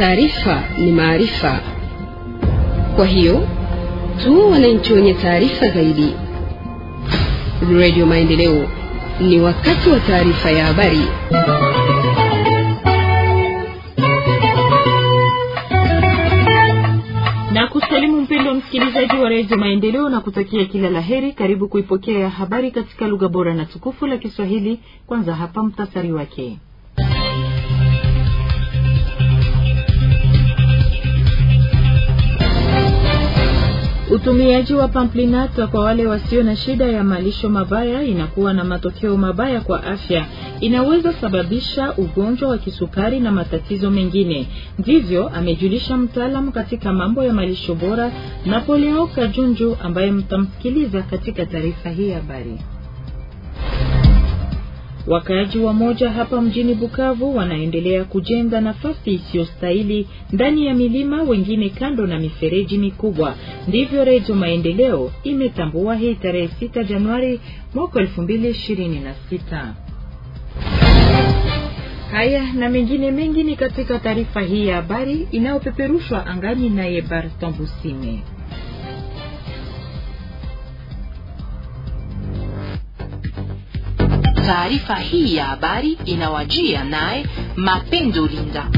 taarifa ni maarifa. Kwa hiyo tu wananchi wenye taarifa zaidi. Radio Maendeleo, ni wakati wa taarifa ya habari. Na kusalimu mpendo msikilizaji wa redio Maendeleo na kutakia kila la heri. Karibu kuipokea habari katika lugha bora na tukufu la Kiswahili. Kwanza hapa mtasari wake. Utumiaji wa pamplinata kwa wale wasio na shida ya malisho mabaya inakuwa na matokeo mabaya kwa afya. Inaweza sababisha ugonjwa wa kisukari na matatizo mengine. Ndivyo amejulisha mtaalamu katika mambo ya malisho bora Napoleon Kajunju ambaye mtamsikiliza katika taarifa hii habari. Wakaaji wa moja hapa mjini Bukavu wanaendelea kujenga nafasi isiyostahili ndani ya milima, wengine kando na mifereji mikubwa. Ndivyo Redio Maendeleo imetambua hii tarehe 6 Januari mwaka 2026. Haya na mengine mengi ni katika taarifa hii ya habari inayopeperushwa angani naye Barton Busime. Taarifa hii ya habari inawajia naye Mapendo Linda.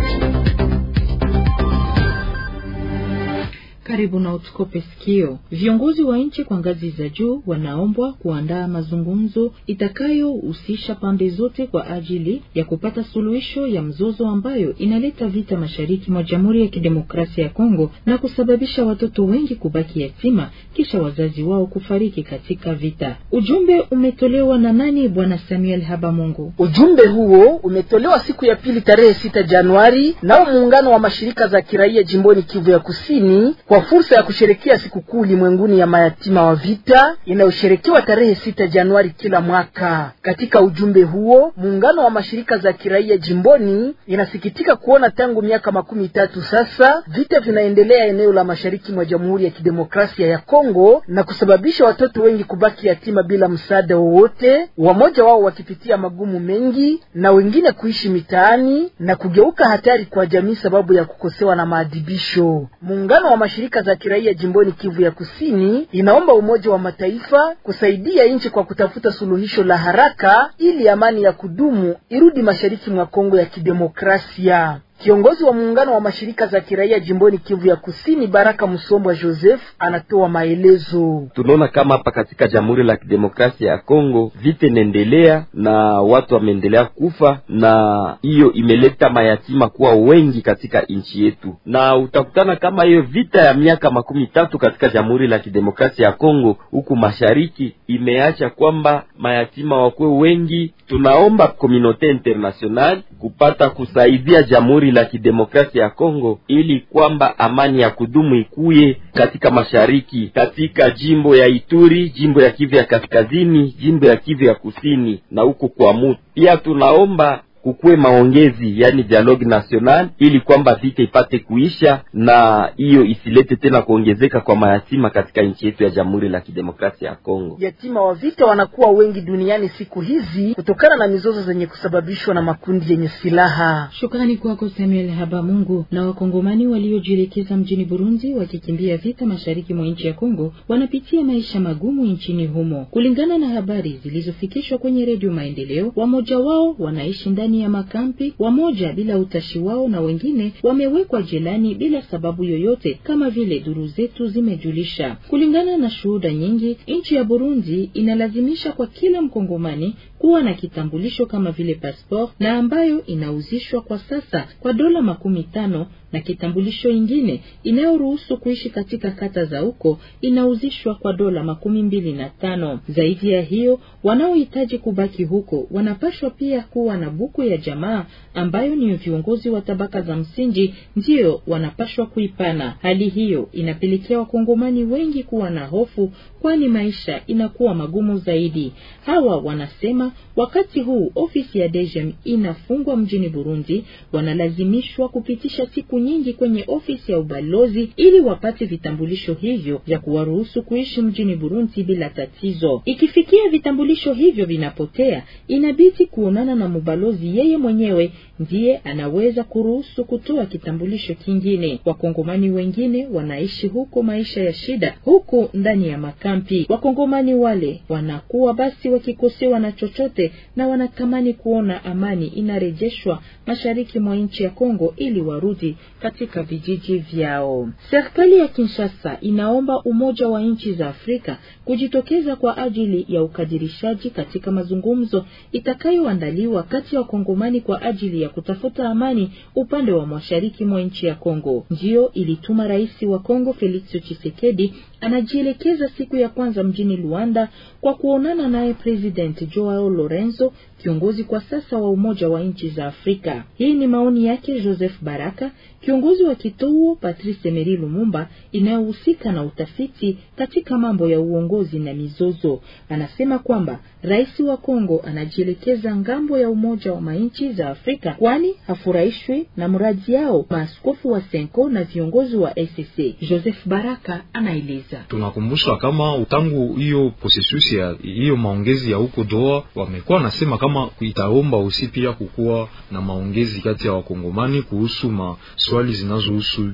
karibu na utkope sikio. Viongozi wa nchi kwa ngazi za juu wanaombwa kuandaa mazungumzo itakayohusisha pande zote kwa ajili ya kupata suluhisho ya mzozo ambayo inaleta vita mashariki mwa Jamhuri ya Kidemokrasia ya Kongo na kusababisha watoto wengi kubaki yatima kisha wazazi wao kufariki katika vita. Ujumbe umetolewa na nani, Bwana Samuel Habamungu? Ujumbe huo umetolewa siku ya pili tarehe sita Januari nao muungano wa mashirika za kiraia jimboni Kivu ya Kusini kwa fursa ya kusherekea sikukuu ulimwenguni ya mayatima wa vita inayosherekewa tarehe sita Januari kila mwaka. Katika ujumbe huo, muungano wa mashirika za kiraia jimboni inasikitika kuona tangu miaka makumi tatu sasa vita vinaendelea eneo la mashariki mwa Jamhuri ya Kidemokrasia ya Kongo na kusababisha watoto wengi kubaki yatima bila msaada wowote, wamoja wao wakipitia magumu mengi na wengine kuishi mitaani na kugeuka hatari kwa jamii sababu ya kukosewa na maadibisho. Muungano wa mashirika Shirika za kiraia jimboni Kivu ya Kusini inaomba Umoja wa Mataifa kusaidia nchi kwa kutafuta suluhisho la haraka ili amani ya kudumu irudi mashariki mwa Kongo ya Kidemokrasia. Kiongozi wa muungano wa mashirika za kiraia jimboni Kivu ya Kusini, Baraka Msombwa Joseph, anatoa maelezo. Tunaona kama hapa katika Jamhuri la Kidemokrasia ya Kongo vita inaendelea na watu wameendelea kufa, na hiyo imeleta mayatima kuwa wengi katika nchi yetu, na utakutana kama hiyo vita ya miaka makumi tatu katika Jamhuri la Kidemokrasia ya Kongo huku mashariki imeacha kwamba mayatima wakuwe wengi. Tunaomba komunote international kupata kusaidia Jamhuri la Kidemokrasia ya Kongo ili kwamba amani ya kudumu ikuye katika mashariki, katika jimbo ya Ituri, jimbo ya Kivu ya Kaskazini, jimbo ya Kivu ya Kusini na huko kwa Mutu. Pia tunaomba kukuwe maongezi, yani dialogue national, ili kwamba vita ipate kuisha na hiyo isilete tena kuongezeka kwa mayatima katika nchi yetu ya Jamhuri la Kidemokrasia ya Kongo. Yatima wa vita wanakuwa wengi duniani siku hizi kutokana na mizozo zenye kusababishwa na makundi yenye silaha. Shukrani kwako Samuel Habamungu. Na wakongomani waliojielekeza mjini Burundi wakikimbia vita mashariki mwa nchi ya Kongo wanapitia maisha magumu nchini humo, kulingana na habari zilizofikishwa kwenye Redio Maendeleo. Wamoja wao wanaishi ndani ndani ya makampi, wamoja bila utashi wao na wengine wamewekwa jelani bila sababu yoyote, kama vile duru zetu zimejulisha. Kulingana na shuhuda nyingi, nchi ya Burundi inalazimisha kwa kila mkongomani kuwa na kitambulisho kama vile passport na ambayo inauzishwa kwa sasa kwa dola makumi tano na kitambulisho ingine inayoruhusu kuishi katika kata za huko inauzishwa kwa dola makumi mbili na tano. Zaidi ya hiyo, wanaohitaji kubaki huko wanapashwa pia kuwa na buku mifuko ya jamaa ambayo ni viongozi wa tabaka za msingi ndiyo wanapashwa kuipana. Hali hiyo inapelekea wakongomani wengi kuwa na hofu kwani maisha inakuwa magumu zaidi. Hawa wanasema wakati huu ofisi ya DGM inafungwa mjini Burundi, wanalazimishwa kupitisha siku nyingi kwenye ofisi ya ubalozi ili wapate vitambulisho hivyo vya kuwaruhusu kuishi mjini Burundi bila tatizo. Ikifikia vitambulisho hivyo vinapotea, inabidi kuonana na mubalozi, yeye mwenyewe ndiye anaweza kuruhusu kutoa kitambulisho kingine. Wakongomani wengine wanaishi huko maisha ya shida, huko ndani ya maka Kampi. Wakongomani wale wanakuwa basi wakikosewa na chochote na wanatamani kuona amani inarejeshwa mashariki mwa nchi ya Kongo ili warudi katika vijiji vyao. Serikali ya Kinshasa inaomba Umoja wa Nchi za Afrika kujitokeza kwa ajili ya ukadirishaji katika mazungumzo itakayoandaliwa kati ya wakongomani kwa ajili ya kutafuta amani upande wa mashariki mwa nchi ya Kongo. Ndiyo ilituma rais wa Kongo Felix Tshisekedi anajielekeza siku ya kwanza mjini Luanda kwa kuonana naye President Joao Lorenzo kiongozi kwa sasa wa Umoja wa Nchi za Afrika. Hii ni maoni yake Joseph Baraka, kiongozi wa kituo Patrice Emery Lumumba inayohusika na utafiti katika mambo ya uongozi na mizozo. Anasema kwamba rais wa Kongo anajielekeza ngambo ya Umoja wa Manchi za Afrika, kwani hafurahishwi na mradi yao maaskofu wa Senko na viongozi wa sc Joseph Baraka anaeleza, tunakumbushwa kama tangu hiyo processus ya hiyo maongezi ya huko Doha wamekuwa nasema kama kama itaomba usi pia kukuwa na maongezi kati ya wakongomani kuhusu maswali zinazohusu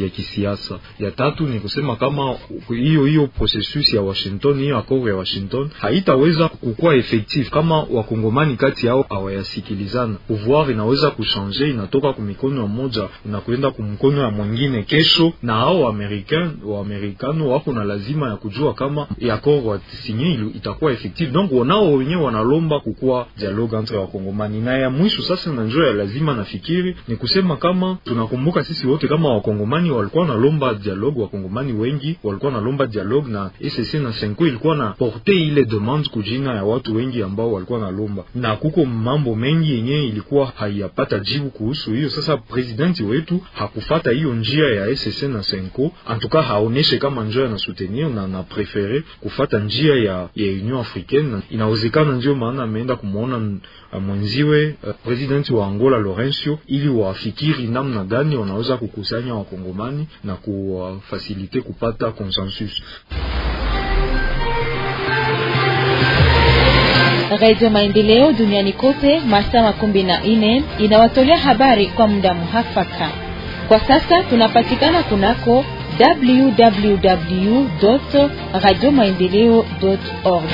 ya kisiasa. Ya tatu ni kusema kama hiyo hiyo processus ya Washington, hiyo akoro ya Washington haitaweza kukuwa effective kama wakongomani kati yao hawayasikilizana. Pouvoir inaweza kushanje, inatoka kumikono ya moja inakwenda kumkono ya mwingine kesho, na hao American waamerikano wako na lazima ya kujua kama akoro wasinye itakuwa effective, donc wanao wenyewe wanalomba kukuwa dialogue entre Wakongomani. Na ya mwisho sasa, na njoo ya lazima, nafikiri ni kusema kama tunakumbuka sisi wote kama Wakongomani walikuwa na lomba dialogue, Wakongomani wengi walikuwa na lomba dialogue, na ECC na Senko ilikuwa na porte ile demande kujina ya watu wengi ambao walikuwa na lomba, na kuko mambo mengi yenye ilikuwa haiyapata jibu kuhusu hiyo. Sasa presidenti wetu hakufata hiyo njia ya ECC na Senko, antuka haoneshe kama njoo na soutenir na na prefere kufata njia ya ya Union Africaine, inawezekana ndio maana ameenda kumwa kumwona mwenziwe eh, presidenti wa Angola Lourenço, ili wafikiri namna gani wanaweza kukusanya wakongomani na kuwafasilite kupata consensus. Radio Maendeleo duniani kote masaa makumi na nne inawatolea habari kwa muda muhafaka. Kwa sasa tunapatikana kunako www radio maendeleo org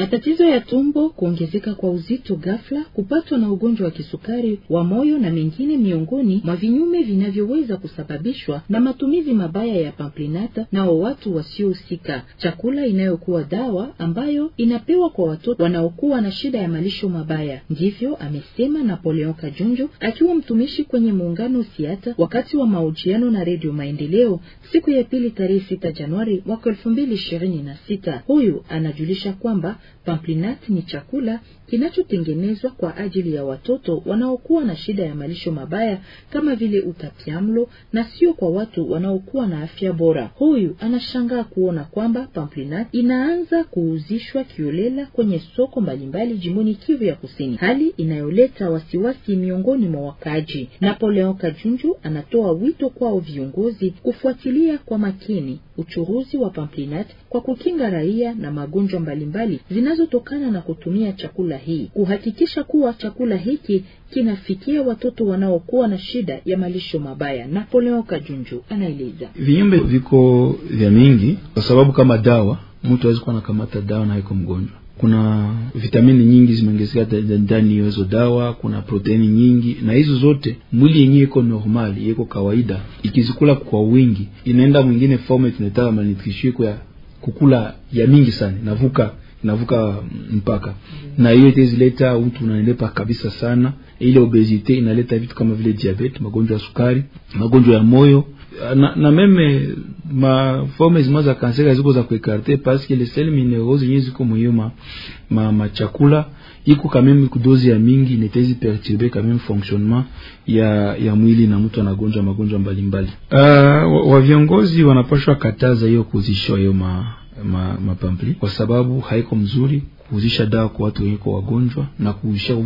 matatizo ya tumbo, kuongezeka kwa uzito ghafla, kupatwa na ugonjwa wa kisukari wa moyo na mengine miongoni mwa vinyume vinavyoweza kusababishwa na matumizi mabaya ya pamplinata nao watu wasiohusika. Chakula inayokuwa dawa ambayo inapewa kwa watoto wanaokuwa na shida ya malisho mabaya, ndivyo amesema Napoleon Kajunju akiwa mtumishi kwenye muungano Siata wakati wa mahojiano na Redio Maendeleo siku ya pili tarehe 6 Januari mwaka 2026. Huyu anajulisha kwamba Pamplinat ni chakula kinachotengenezwa kwa ajili ya watoto wanaokuwa na shida ya malisho mabaya kama vile utapiamlo na sio kwa watu wanaokuwa na afya bora. Huyu anashangaa kuona kwamba Pamplinat inaanza kuuzishwa kiolela kwenye soko mbalimbali jimboni Kivu ya Kusini, hali inayoleta wasiwasi miongoni mwa wakaaji. Napoleon Kajunju anatoa wito kwao viongozi kufuatilia kwa makini uchuruzi wa pamplinat kwa kukinga raia na magonjwa mbalimbali zinazotokana na kutumia chakula hii, kuhakikisha kuwa chakula hiki kinafikia watoto wanaokuwa na shida ya malisho mabaya. Napoleon Kajunju anaeleza viumbe viko vya mingi, kwa sababu kama dawa mtu hawezi kuwa anakamata dawa na haiko mgonjwa kuna vitamini nyingi zimeongezeka ndani ya hizo dawa, kuna proteini nyingi, na hizo zote mwili yenyewe iko normal iko kawaida. Ikizikula kwa wingi, inaenda mwingine form tunaitaka malnutrition ya kukula ya mingi sana, navuka navuka mpaka mm. na hiyo itazileta mtu unanenepa kabisa sana. Ile obesity inaleta vitu kama vile diabetes, magonjwa ya sukari, magonjwa ya moyo na, na meme ma forme zima za kanser ziko za kuekarte que les sel minéraux zenye ziko mwiyo ma, ma, ma chakula iko kameme kudozi ya mingi netezi perturbe kameme fonctionnement ya, ya mwili na mtu anagonjwa magonjwa mbalimbali. Uh, ah, wa, wa viongozi wanapashwa kataza hiyo kuzishoa hiyo ma, ma, mapampli kwa sababu haiko mzuri kuuzisha dawa kwa watu wenye kwa wagonjwa na kuuzisha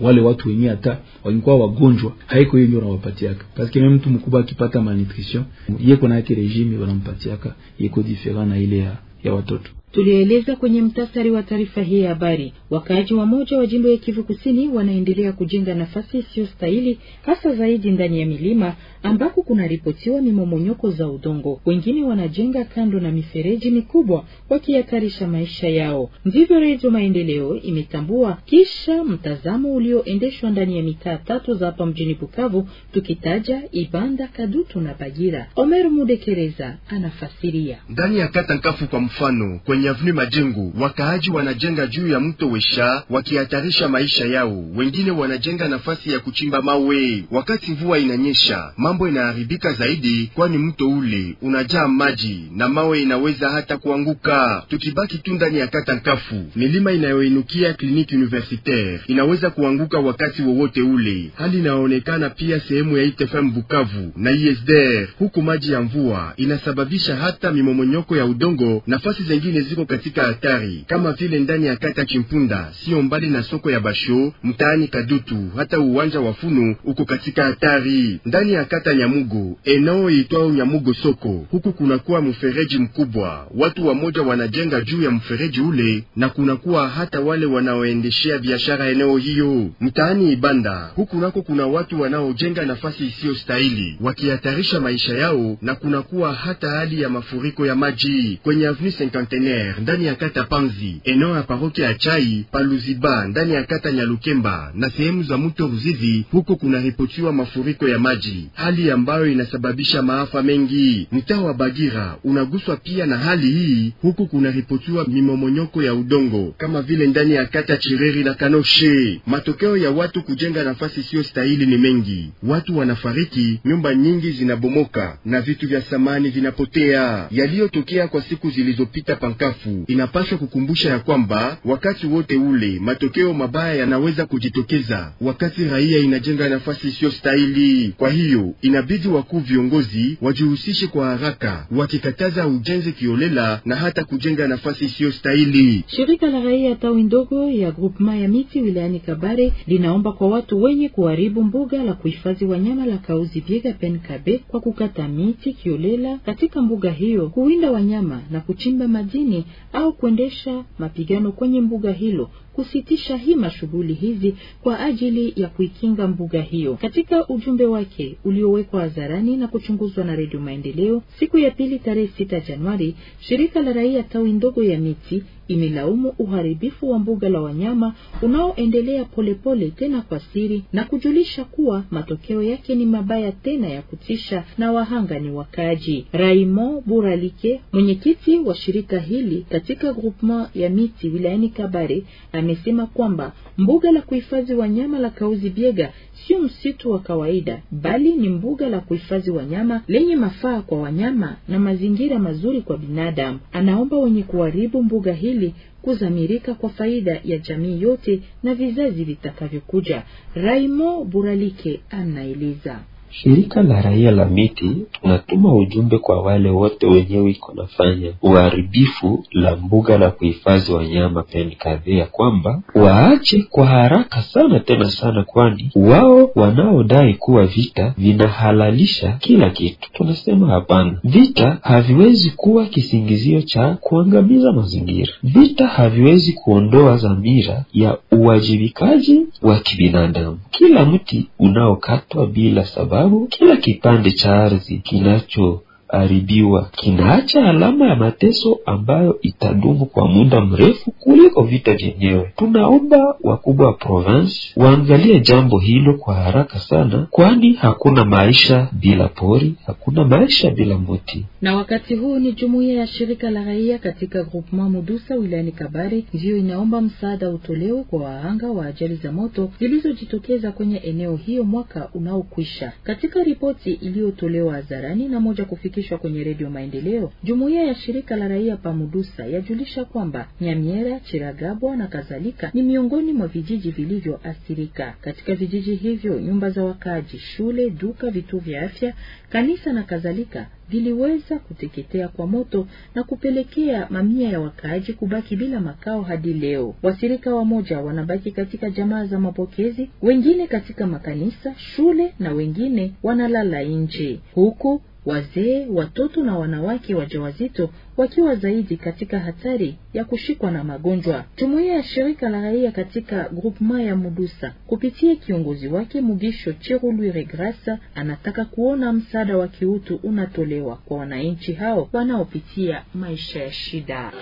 wale watu wenye hata walikuwa wagonjwa, haiko hiyo ndio wanawapatiaka, paske mimi mtu mkubwa akipata malnutrition yeko kuna yake regime wanampatiaka yeko different na ile ya, ya watoto tulioeleza kwenye mtasari wa taarifa hii ya habari. Wakaaji wa moja wa jimbo ya Kivu Kusini wanaendelea kujenga nafasi isiyostahili hasa zaidi ndani ya milima ambako kunaripotiwa mimomonyoko za udongo. Wengine wanajenga kando na mifereji mikubwa wakihatarisha maisha yao. Ndivyo Redio Maendeleo imetambua kisha mtazamo ulioendeshwa ndani ya mitaa tatu za hapa mjini Bukavu, tukitaja Ibanda, Kadutu na Bagira. Omer Mudekereza anafasiria ndani ya kata Nkafu kwa mfano kwenye Bienvenue Majengo. Wakaaji wanajenga juu ya mto Wesha wakihatarisha maisha yao, wengine wanajenga nafasi ya kuchimba mawe. Wakati mvua inanyesha, mambo inaharibika zaidi, kwani mto ule unajaa maji na mawe inaweza hata kuanguka. Tukibaki tu ndani ya kata Nkafu, milima inayoinukia kliniki universitaire inaweza kuanguka wakati wowote ule. Hali inaonekana pia sehemu ya ITFM Bukavu na ISDR, huku maji ya mvua inasababisha hata mimomonyoko ya udongo, nafasi zengine ziko katika hatari, kama vile ndani ya kata Chimpunda, sio mbali na soko ya Basho mtaani Kadutu, hata uwanja wa Funu uko katika hatari. Ndani ya kata Nyamugo, eneo itwao Nyamugo soko, huku kunakuwa mfereji mkubwa, watu wamoja wanajenga juu ya mfereji ule, na kunakuwa hata wale wanaoendeshea biashara eneo hiyo. Mtaani Ibanda, huku nako kuna watu wanaojenga nafasi isiyostahili wakihatarisha maisha yao, na kunakuwa hata hali ya mafuriko ya maji kwenye Avenue Cinquantenaire. Pierre ndani ya kata Panzi, eneo ya parokia ya Chai Paluziba ndani ya kata Nyalukemba na sehemu za mto Ruzizi, huko kunaripotiwa mafuriko ya maji, hali ambayo inasababisha maafa mengi. Mtaa wa Bagira unaguswa pia na hali hii, huko kunaripotiwa mimomonyoko ya udongo kama vile ndani ya kata Chireri na Kanoshe. Matokeo ya watu kujenga nafasi stahili ni mengi, watu wanafariki, nyumba nyingi zinabomoka na vitu vya samani vinapotea. Yaliyotokea kwa siku zilizopita panka Kafu inapaswa kukumbusha ya kwamba wakati wote ule matokeo mabaya yanaweza kujitokeza wakati raia inajenga nafasi isiyostahili. Kwa hiyo inabidi wakuu viongozi wajihusishe kwa haraka, wakikataza ujenzi kiolela na hata kujenga nafasi isiyo stahili Shirika la raia tawi ndogo ya grupema ya miti wilayani Kabare linaomba kwa watu wenye kuharibu mbuga la kuhifadhi wanyama la Kauzi Biega Penkabe kwa kukata miti kiolela katika mbuga hiyo, kuwinda wanyama na kuchimba madini au kuendesha mapigano kwenye mbuga hilo kusitisha hima shughuli hizi kwa ajili ya kuikinga mbuga hiyo. Katika ujumbe wake uliowekwa hadharani na kuchunguzwa na Redio Maendeleo siku ya pili tarehe 6 Januari, shirika la raia tawi ndogo ya miti imelaumu uharibifu wa mbuga la wanyama unaoendelea polepole tena kwa siri na kujulisha kuwa matokeo yake ni mabaya tena ya kutisha na wahanga ni wakaji raimo Buralike, mwenyekiti wa shirika hili katika groupement ya miti wilayani Kabare, amesema kwamba mbuga la kuhifadhi wanyama la Kauzi Biega sio msitu wa kawaida, bali ni mbuga la kuhifadhi wanyama lenye mafaa kwa wanyama na mazingira mazuri kwa binadamu. Anaomba wenye kuharibu mbuga hili kuzamirika kwa faida ya jamii yote na vizazi vitakavyokuja. Raimo Buralike anaeleza. Shirika la raia la miti tunatuma ujumbe kwa wale wote wenyewe iko nafanya uharibifu la mbuga la kuhifadhi wanyama peni kadhia ya kwamba waache kwa haraka sana tena sana, kwani wao wanaodai kuwa vita vinahalalisha kila kitu. Tunasema hapana, vita haviwezi kuwa kisingizio cha kuangamiza mazingira. Vita haviwezi kuondoa dhamira ya uwajibikaji wa kibinadamu. Kila mti unaokatwa bila sababu sababu kila kipande cha ardhi kinacho haribiwa kinaacha alama ya mateso ambayo itadumu kwa muda mrefu kuliko vita vyenyewe. Tunaomba wakubwa wa province waangalie jambo hilo kwa haraka sana, kwani hakuna maisha bila pori, hakuna maisha bila moti. Na wakati huu ni jumuiya ya shirika la raia katika groupement Mudusa wilayani Kabare ndiyo inaomba msaada utolewe kwa wahanga wa ajali za moto zilizojitokeza kwenye eneo hiyo mwaka unaokwisha. Katika ripoti iliyotolewa hadharani na moja kufika yaliyofikishwa kwenye Redio Maendeleo, jumuiya ya shirika la raia Pamudusa yajulisha kwamba Nyamiera, Chiragabwa na kadhalika ni miongoni mwa vijiji vilivyoathirika. Katika vijiji hivyo, nyumba za wakaaji, shule, duka, vituo vya afya, kanisa na kadhalika viliweza kuteketea kwa moto na kupelekea mamia ya wakaaji kubaki bila makao hadi leo. Wasirika wamoja wanabaki katika jamaa za mapokezi, wengine katika makanisa, shule na wengine wanalala nje huku wazee, watoto na wanawake wajawazito wakiwa zaidi katika hatari ya kushikwa na magonjwa. Jumuiya ya shirika la raia katika grupema ya Mudusa kupitia kiongozi wake Mugisho Chirulwire Grasa anataka kuona msaada wa kiutu unatolewa kwa wananchi hao wanaopitia maisha ya shida.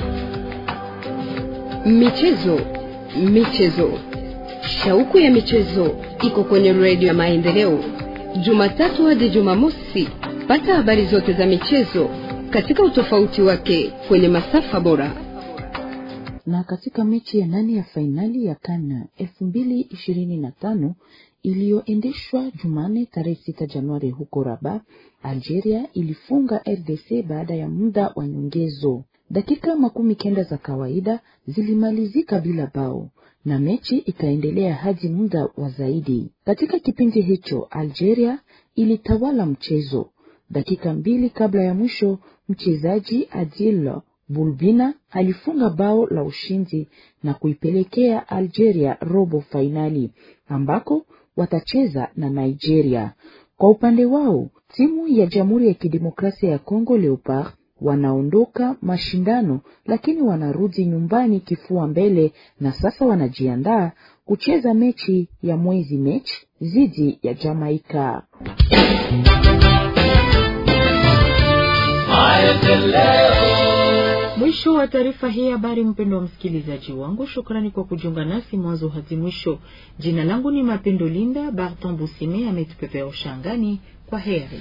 Michezo, michezo, shauku ya michezo iko kwenye redio ya Maendeleo, Jumatatu hadi Jumamosi pata habari zote za michezo katika utofauti wake kwenye masafa bora. Na katika mechi ya nane ya fainali ya Kana 2025 iliyoendeshwa Jumane tarehe 6 Januari huko raba Algeria ilifunga RDC baada ya muda wa nyongezo. Dakika makumi kenda za kawaida zilimalizika bila bao na mechi ikaendelea hadi muda wa zaidi. Katika kipindi hicho Algeria ilitawala mchezo Dakika mbili kabla ya mwisho, mchezaji Adil Bulbina alifunga bao la ushindi na kuipelekea Algeria robo fainali ambako watacheza na Nigeria. Kwa upande wao, timu ya Jamhuri ya Kidemokrasia ya Kongo Leopard wanaondoka mashindano lakini wanarudi nyumbani kifua mbele, na sasa wanajiandaa kucheza mechi ya mwezi Mechi dhidi ya Jamaika. Mwisho wa taarifa hii habari, mpendo wa msikilizaji wangu, shukrani kwa kujiunga nasi mwanzo hadi mwisho. Jina langu ni Mapendo Linda. Barton Busime ametupepea ushangani Kwa heri.